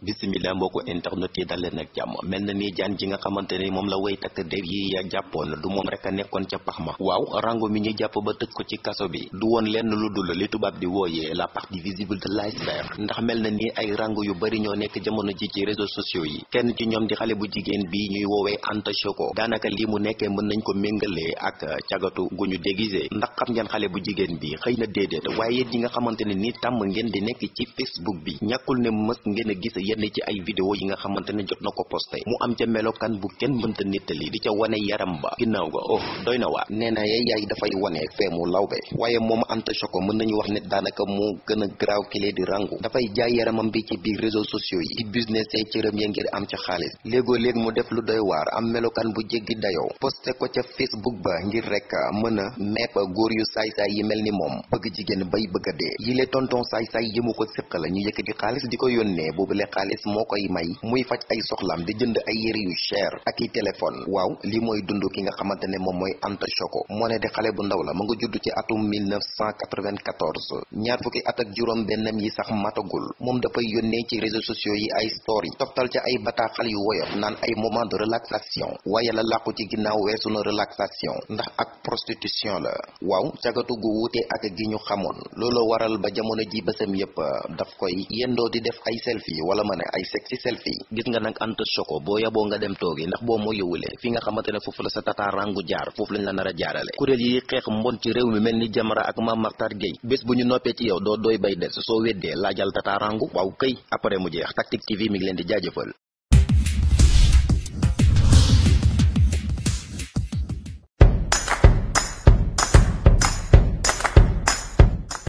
bisimila mboo ko internet yi dal leen ak jàmm mel na ni jaan ji nga xamante ni moom la woy takk der yi ya jàppoon du moom rek a nekkoon ca pax ma waaw rango mi ñu jàpp ba tëj ko ci kaso bi du woon lenn lu dul li tubaab di wooyee la partie visible de l'iceberg ndax mel na ni ay rango yu bari ñoo nekk jamono ji ci réseaux sociaux yi kenn ci ñoom di xale bu jigéen bi ñuy woowee Anta Choco daanaka lii mu nekkee mën nañ ko méngalee ak cagatu gu ñu déguisé ndax xam ngeen xale bu jigéen bi xëy na déedéet waaye yéen nga xamante ne ni tàmm ngeen di nekk ci facebook bi ñàkkul ne mës ngeen a yenn ci ay vidéo yi nga xamante jot na ko posté mu am ca melokaan bu kenn mënta nettali di ca wane yaram ba ginnaaw ga oh doy na waa nee na yay yaay dafay wane feemu lawbe waaye moom Anta Choco mën nañu wax ne daanaka moo gën a garaaw kile di rangu dafay jaay yaramam bi ci biir réseaux sociaux yi di business ay cëram ya ngir am ca xaalis léegoo léeg mu def lu doy waar am melokaan bu jéggi dayoo posté ko ca Facebook ba ngir rek mën a mepp góor yu saay yi mel ni moom bëgg jigéen bay bëgg a dee yile tonton saay-saay yi mu ko xaalis moo koy may muy faj ay soxlaam di jënd ay yëre yu cher ak i téléphone waaw lii mooy dund ki nga xamante ne moom mooy Anta Choco moo ne di xale bu ndaw la mu nga judd ci atum 1994 ñaar fukki at ak juróom bennam yi sax matagul moom dafay yónnee ci réseaux sociaux yi ay story toftal ca ay bataaxal yu woyof naan ay moment de relaxation waaye la làqu ci ginnaaw weesu na relaxation ndax ak prostitution la waaw cagatu gu wuute ak gi ñu xamoon looloo waral ba jamono mën ay sec ci selfie gis nga nag anta choco boo yaboo nga dem toogi ndax boo moo yowulee fi nga xamante ne foofu la sa tata rangu jaar foofu lañ la nar a jaarale kuréel yi xeex mbon ci réew mi mel ni jamara ak Mame Mactar bés bu ñu noppee ci yow doo doy bay des soo weddee laajal tata rangu waaw kay après mu jeex Tactic TV mi ngi leen di jaajëfal